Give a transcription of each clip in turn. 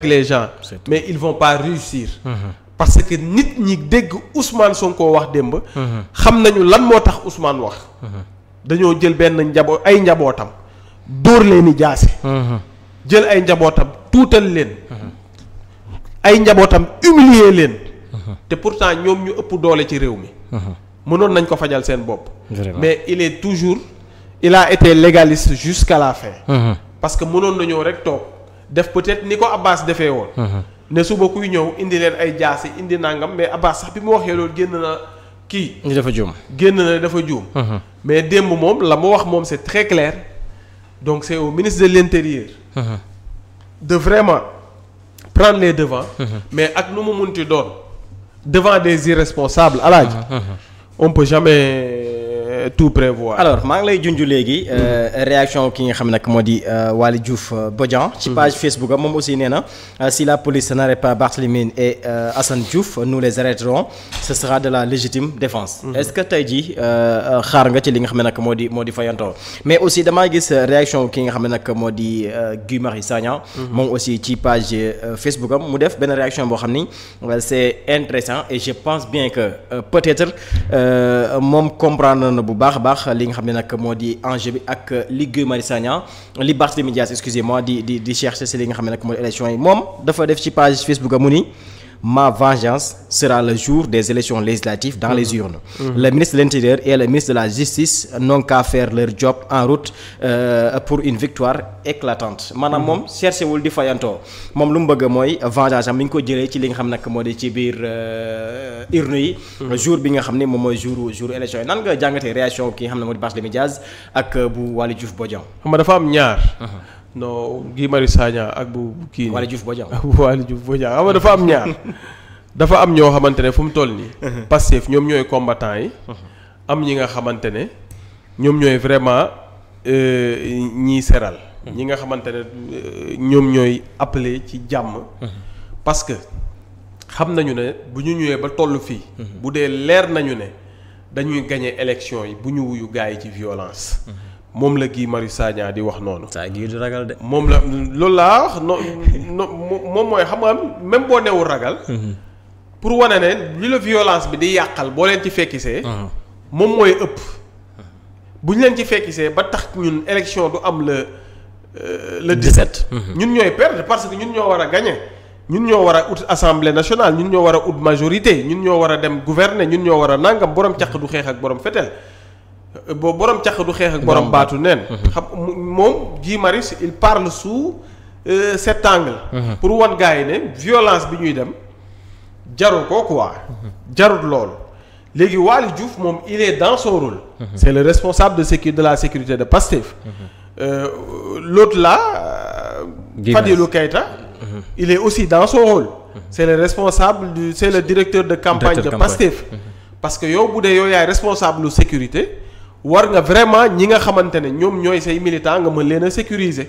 les gens mais ils vont pas réussir mhm. parce que nit ñi dégg Ousmane koo wax démb mhm. xam nañu lan moo tax Ousmane wax mhm. dañoo jël benn njabo ay njabootam dóor leen i jaase jël ay njabootam tuutal leen ay njabootam humilier leen te pourtant ñoom ñu ëpp doole ci réew mi mënoon nañ ko fajal seen bopp mais il toujours il a été légaliste jusqu'à la fin parce que mënoon nañoo rek toog def peut-être ni ko Abbas defee woon. Mhm. ne suba kuy ñëw indi leen ay jaasi indi nangam mais Abbas sax bi mu waxee loolu génn na kii. ni dafa juum génn na dafa juum. Mhm. mais démb moom la mu wax moom c'est très claire donc c'est au ministre de l'intérieur. Mhm. de vraiment prendre les devants. mais ak nu mu munti doon devant des irresponsables alaaji. on peut jamais. tout prévoir. alors maa ngi lay junj léegi euh, mm-hmm. euh, euh, ci mm-hmm. page Facebook moom aussi nee si la police n'arrête pas Barthélémy et Assane Diouf nous les arrêterons ce sera de la légitime défense. Mm-hmm. est-ce que tey jii xaar nga ci li nga xam ne nag moo di moo di fayantoo mais aussi damaa gis réaction ki nga xam ne nag moo di Guy Marie moom aussi ci page Facebook mu def benn réaction boo xam ni c'est intéressant et je pense bien que peut moom comprendre na. bu baax a baax li nga xam ne nag moo di enjeu bi ak li Guy Marius Sagna li Barthélémy Dias excusez-moi di di di chercher si li nga xam ne nag moo di élection yi moom dafa def ci page Facebook amu ni ma vengeance sera le jour des élections législatives dans les mhm. urnes. Mhm. Le ministre de l'Intérieur et le ministre de la Justice n'ont qu'à faire leur job en route euh, pour une victoire éclatante. maanaam mhm. moom cherché wul di fayantoo moom lu mu bëgg mooy vengeance am mi ngi ko jëlee ci li nga xam nag moo di ci biir euh, urne yi. jour bi nga xam ne moom mooy jour jour élection yi nan nga jàngatee réaction ki nga xam ne moo di Barthélémy Dias ak euh, bu Waly Diouf Bodian. xam nga dafa am ñaar. non Guy Marius Sagna ak bu kii. Waly Diouf Bodiang ak bu Waly Diouf Bodiang xam nga dafa am ñaar dafa am ñoo xamante ne fu mu toll nii. Uh-huh. Pastef ñoom ñooy combattant yi. Uh-huh. am ñi nga xamante ne ñoom ñooy vraiment euh, ñiy seral. Uh-huh. ñi nga xamante ne euh, ñoom ñooy appelé ci jàmm. parce que xam nañu ne bu ñu ñëwee ba toll fii. bu dee leer nañu ne dañuy gagné élection yi bu ñu wuyu gars yi ci violence. moom la Guy Marius Sagna di wax noonu. saa Guy di ragal de. moom la loolu laa wax no no moom mooy xam nga même boo newul ragal. Mhm. pour wane ne li la violence bi di yàqal boo leen ci fekkisee. Mhm. moom mooy ëpp. bu ñu leen ci fekkisee ba tax ñun élection du am le euh, le 17. Mhm. ñun ñooy perdre parce que ñun ñoo war a gagner ñun ñoo war a ut assemblée nationale ñun ñoo war a ut majorité ñun ñoo war a dem gouverner ñun ñoo war a nangam borom caq du xeex ak boroom fetel boo borom caq du xeex ak borom baatu neen. Mhm. xam moom Guy Marius il parle sous euh, cet angle. Mhm. pour wan gars yi ne violence bi ñuy dem jaru ko quoi. Mhm. jarut loolu léegi Waly Diouf moom il est dans son rôle. le responsable de de la sécurité de Pastef. Euh, l' autre là. Euh, Fadilou Keita il est aussi dans son rôle. c' est le responsable du c' le directeur de campagne de Pastef. parce que yow bu dee yow yaay responsable lu sécurité. war nga vraiment ñi nga xamante ne ñoom ñooy say militant nga mën leen a sécuriser.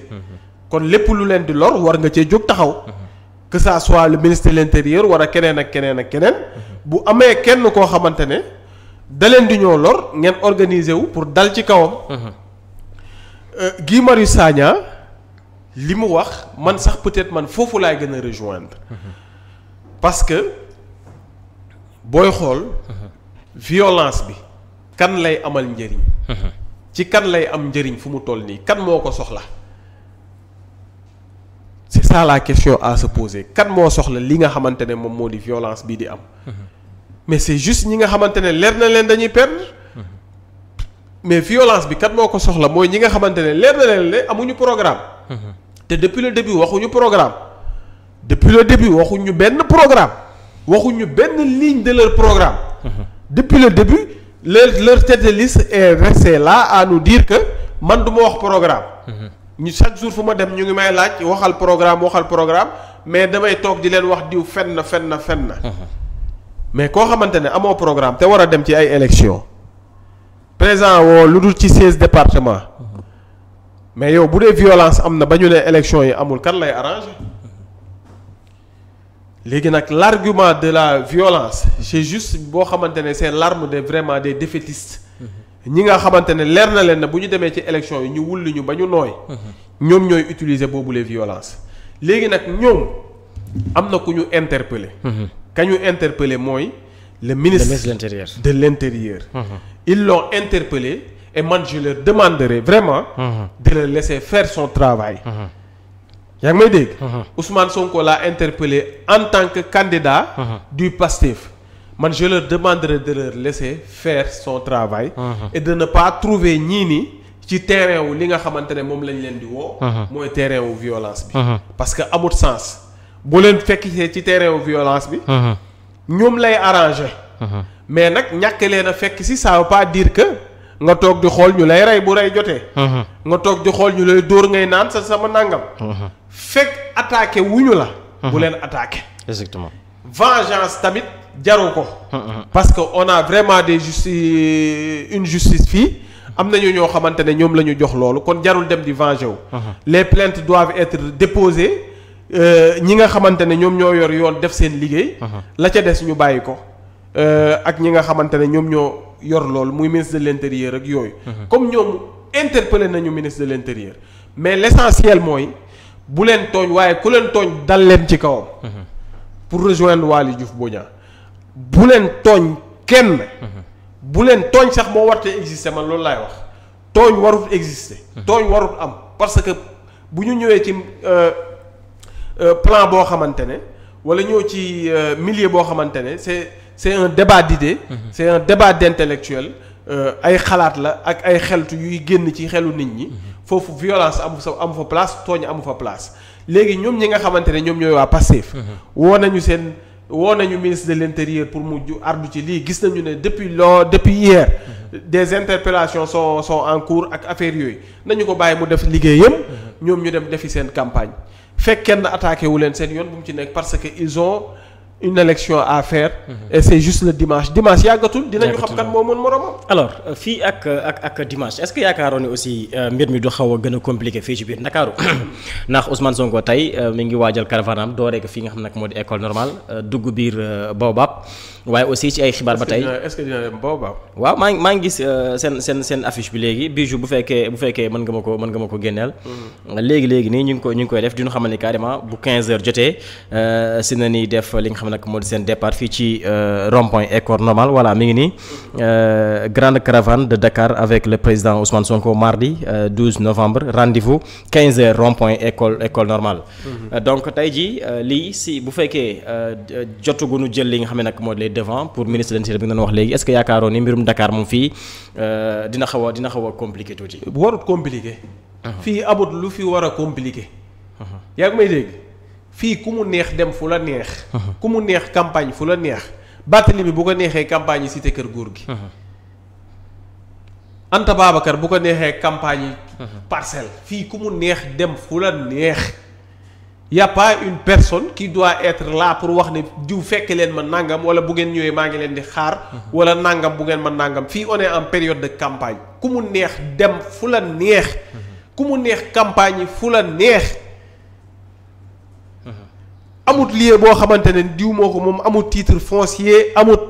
kon lépp lu leen di lor war nga cee jóg taxaw. que ça soit le ministre de l'intérieur wala keneen ak keneen ak keneen. bu amee kenn koo xamante ne da leen di ñoo lor ngeen organiser wu pour dal ci kawam. Euh, Guy Marius Sagna li mu wax man sax peut-être man foofu laay gën a rejoindre. parce que booy xool. violence bi. kan lay amal njëriñ mhm. ci kan lay am njëriñ fu mu toll nii kan moo ko soxla c'est ça la question à se poser kan moo soxla li nga xamante ne moom moo di violence bii di am mhm. mais c'est juste ñi nga xamante ne leer na leen dañuy perdre mhm. mais violence bi kat moo ko soxla mooy ñi nga xamante ne leer na leen ne amuñu programme. te depuis le début waxuñu programme. depuis le début waxuñu benn programme waxuñu benn ligne de leur programme. depuis le début leur leur tête de liste est restée là à nous que man du ma wax programme. Mhm. ñu chaque jour fu ma dem ñu ngi may laaj waxal programme waxal programme mais damay toog di leen wax diw fen na fen na fen na. Mhm. mais koo xamante ne amoo programme te war a dem ci ay élections présent woo lu dul ci seize départements mhm. mais yow bu dee violence am na ba ñu ne élections yi amul kan lay arranger. léegi nag l' de la violence c' boo xamante ne seen est l'arme de vraiment des défaitistes mhm. ñi nga xamante ne leer na leen ne bu ñu demee ci élection yi ñu wulli ñu ba ñu nooy mhm. ñoom ñooy utiliser boobu les violences léegi nag ñoom am na ku ñu interpellé mhm. ka ñu interpellé mooy le ministre de l' intérieur ils l'ont interpellé et man je leur demanderai vraiment de le laisser faire son travail yaa ngi may dégg. Uh-huh. Ousmane Sonko l'a interpellé en tant que candidat. Uh-huh. du PASTEF. man je leur demanderai de leur laisser faire son travail. Uh-huh. et de pas trouver ñii nii ci terrain wu li nga xamante ne moom lañ leen di woo. mooy terrain violence bi. parce que amut sens boo leen fekkee ci terrain wu violence bi. ñoom lay arrangé. mais nag ñàkk leen a fekk si ça veut pas dire que. nga toog di xool ñu lay rey bu rey jotee. Mhm. nga toog di xool ñu lay dóor ngay naan sa sama nangam. Mhm. fekk attaqué wuñu la. bu mhm. leen attaqué. exactement vengeance tamit jaru ko. parce que on a vraiment des justice une justice fii. am nañu ñoo xamante ne ñoom la ñu jox loolu kon jarul dem di venger wu. les plaintes doivent être déposées euh, ñi nga xamante ne ñoom ñoo yor yoon def seen liggéey. la ca des ñu bàyyi ko euh, ak ñi nga xamante ne ñoom ñoo. yor loolu muy ministre de l'intérieur ak yooyu. Mhm. comme ñoom interpellé nañu ministre de l'intérieur mais l'essentiel mooy bu leen tooñ waaye ku leen tooñ dal leen ci kawam. Mhm. pour rejoindre Waly Diouf Bodian bu leen tooñ kenn. Mhm. bu leen tooñ sax moo wartee exister man loolu laay wax tooñ warut exister. tooñ warut am parce que bu ñu ñëwee ci euh, euh, plan boo xamante ne wala ñëw ci euh, milieu boo xamante ne c'est. c'est un débat d'idées mhm. c'est un débat d'intellectuel euh, ay xalaat la ak ay xeltu yuy génn ci xelu nit ñi mhm. foofu violence amu fa amu fa place tooñ amu fa place léegi ñoom ñi nga xamante ne ñoom ñooy waa Pastef mhm. woo nañu seen woo nañu ministre de l'intérieur pour mu ardu ci lii gis nañu ne depuis loo depuis hier des interpellations sont sont en ak affaire yooyu nañu ko bàyyi mu def liggéeyam ñoom ñu dem defi seen campagne fekk kenn attaqué wu leen seen yoon bu mu ci nekk parce que ils ont une élection à faire. Mhm. et c'est juste le dimanche dimanche yàggatul. dinañu xam kan moo mën moromam. alors euh, fii ak euh, ak ak dimanche est-ce que yaakaaroon ne aussi euh, mbir mi du xaw a gën a compliqué fii ci biir Ndakaaru ndax Ousmane ko tey mi ngi waajal caravane am dooree ko fii nga xam nag moo di école normale dugg biir Baobab waaye aussi ci ay xibaar ba tey est-ce que dina dem Baobab. waaw maa ngi maa ngi gis seen seen seen affiche bi léegi bijou bu fekkee bu fekkee mën nga ma ko mën nga ma ko génneel. Mhm. léegi léegi nii ñu ngi ko ñu ngi koy def di ñu xamal ni carrément bu 15 heures jotee si xam nag moo di seen départ fii ci euh, rond-point Ecole Normale voilà mi ngi nii euh, grande caravane de Dakar avec le président Ousmane Sonko mardi 12 euh, novembre rendez-vous 15 heures école point Ecole Ecole donc tey jii lii si bu fekkee jotaguñu jël li nga xam ne nag moo di les devants pour ministre de l'Intérieur bi nga doon wax léegi est-ce que yaakaaroon ni mbirum Dakar moom fii dina xaw a dina xaw a compliqué tuuti. warut compliqué. Mhm. fii abut lu fi war a compliqué. Mhm. yaa ngi may dégg. fii ku mu neex dem fu la neex. Uh-huh. ku mu neex campagne fu la neex Barthélemy bu ko neexee campagne yi cité kër góor gi. Uh-huh. Anta Babacar bu ko neexee campagne yi. Uh-huh. parcelle fii ku mu neex dem fu la neex. y' a une personne qui doit être là pour wax ne diw fekk leen ma nangam wala bu ngeen ñëwee maa ngi leen di xaar. wala nangam bu ngeen ma nangam fii one est période de campagne ku mu neex dem fu la neex. ku mu neex campagne yi fu la neex. amut lieu boo xamante ne diw moo ko moom amut titre foncier amut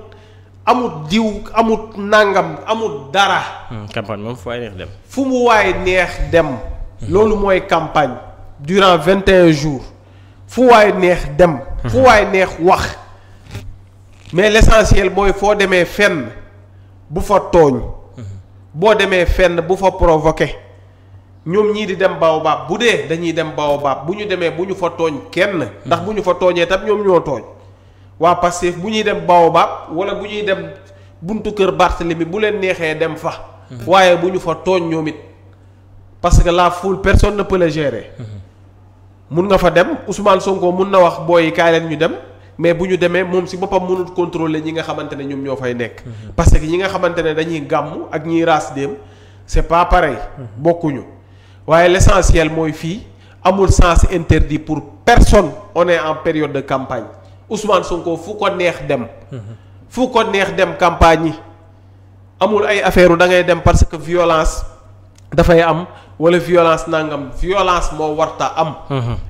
amut diw amut nangam amut dara. Hmm, campagne moom fu waay neex dem. fu mu waay neex dem. loolu mooy campagne durant vingt et jours fu waay neex dem. fu hmm. neex wax mais l'essentiel booy foo demee fenn bu fa tooñ. Hmm. boo demee fenn bu fa provoqué. ñoom ñii di dem baobab bu dee dañuy dem baobab bu ñu demee bu ñu fa tooñ kenn. ndax bu ñu fa tooñee tam ñoom ñoo tooñ. waa Pastef bu ñuy dem baobab wala bu ñuy dem buntu kër Barthélemy bu leen neexee dem fa. waaye bu ñu fa tooñ ñoom it parce que la foule personne ne peut la gérer. mun nga fa dem Ousmane Sonko mun na wax booyi kaay leen ñu dem mais bu ñu demee moom si boppam mënut contrôler ñi nga xamante ne ñoom ñoo fay nekk. Mhm. parce que ñi nga xamante ne dañuy gàmm ak ñiy raas dem c'est pas pareil. Mhm. bokkuñu. waaye l'essentiel mooy fii amul sens interdit pour personne on est en période de campagne Ousmane Sonko fu ko neex dem. fu ko neex dem campagne yi amul ay affaire da ngay dem parce que violence dafay am wala violence nangam violence moo warta am.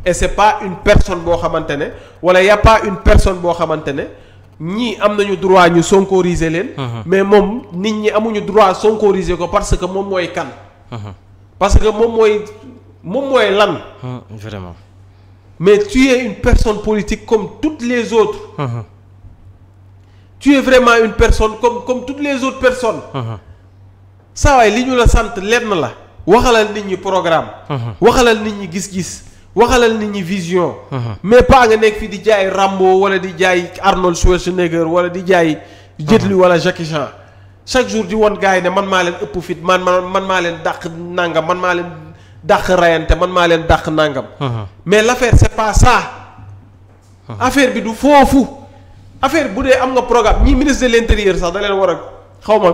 et c'est pas une personne boo xamante ne wala y a une personne boo xamante ne. ñii am nañu droit ñu sonkoriser leen. Mhm. mais moom nit ñi amuñu droit sonkoriser ko parce que moom mooy kan. Mhm. parce que moom mooy moom mooy lan. vraiment. mais tu es une personne politique comme toutes les autres. Mmh. vraiment une personne comme comme toutes les autres personnes. saa li ñu la sant lenn la. waxalal nit ñi programme. waxalal nit ñi gis-gis. waxalal nit ñi vision. mais pas nga nekk fi di jaay Rambo wala di jaay Arnold Schwarzenegger wala di jaay. Jet wala Jackie Chan. chaque jour di woon gars yi ne man maa leen ëpp fit man man maa leen dàq nangam man maa leen dàq rayante man maa leen dàq nangam. Uh-huh. mais l' affaire c' est pas uh-huh. affaire bi du foofu. affaire bu dee am nga programme ñi ministre de sax da leen war a xaw ma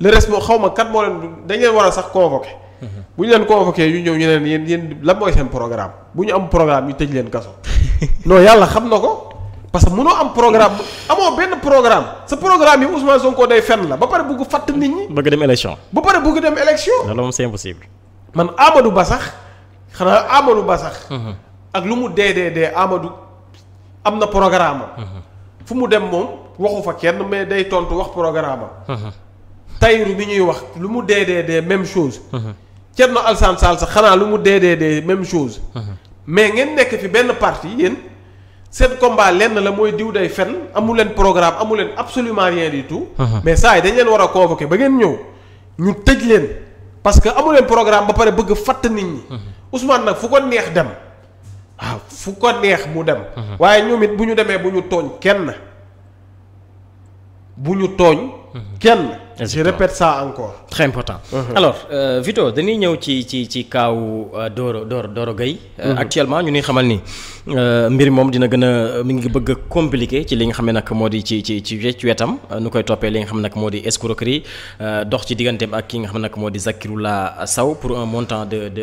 le reste moo xaw ma kat moo leen dañ leen war a sax convoqué. Uh-huh. bu ñu leen convoqué ñu ñëw ñu leen yéen yéen la mooy seen programme bu ñu am programme yi tëj leen kaso. non yàlla xam na ko. parce que mënoo am programme amoo benn programme sa programme yi Ousmane Sonko day fenn la ba pare bëgg fàtt nit ñi. bëgg dem élection. ba pare bëgg dem élection. loolu moom c'est impossible. man Amadou Ba sax xanaa Amadou Ba sax. Mhm. ak lu mu dee dee dee Amadou am na programme mhm. fu mu dem moom waxu fa kenn mais day tontu wax programme mhm. Tayru bi ñuy wax lu mu dee dee dee même chose. Thierno Alassane Sall sax xanaa lu mu dee dee dee même chose. mais ngeen nekk fi benn parti yéen. seen combat lenn la mooy diw day fen amu leen programme amu leen absolument rien du tout. Uh-huh. mais saa yi dañ leen war a convoquer ba ngeen ñëw ñu tëj leen parce que amu programme ba pare bëgg fatt nit ñi. Uh-huh. Ousmane nag fu ko neex dem waaw ah, fu ko neex mu dem. Uh-huh. waaye ñoom it bu ñu demee bu ñu tooñ kenn bu ñu tooñ. kenn. je répète ça encore. très important. Uh-huh. alors euh, Vito dañuy ñëw ci ci ci kaawu euh, Doro Doro Doro euh, uh-huh. actuellement ñu ngi xamal ni mbir moom dina gën a ngi bëgg a compliqué ci li nga xam ne nag moo di ci ci ci wetam nu koy toppee li nga xam ne nag moo di escroquerie dox ci digganteem ak ki nga xam ne nag moo di Zakirullah Sow pour un montant de de.